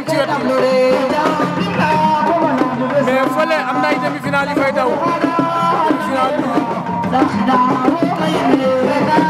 am ci wet mais fële am na ay demi-finale yi fay daw demi-finale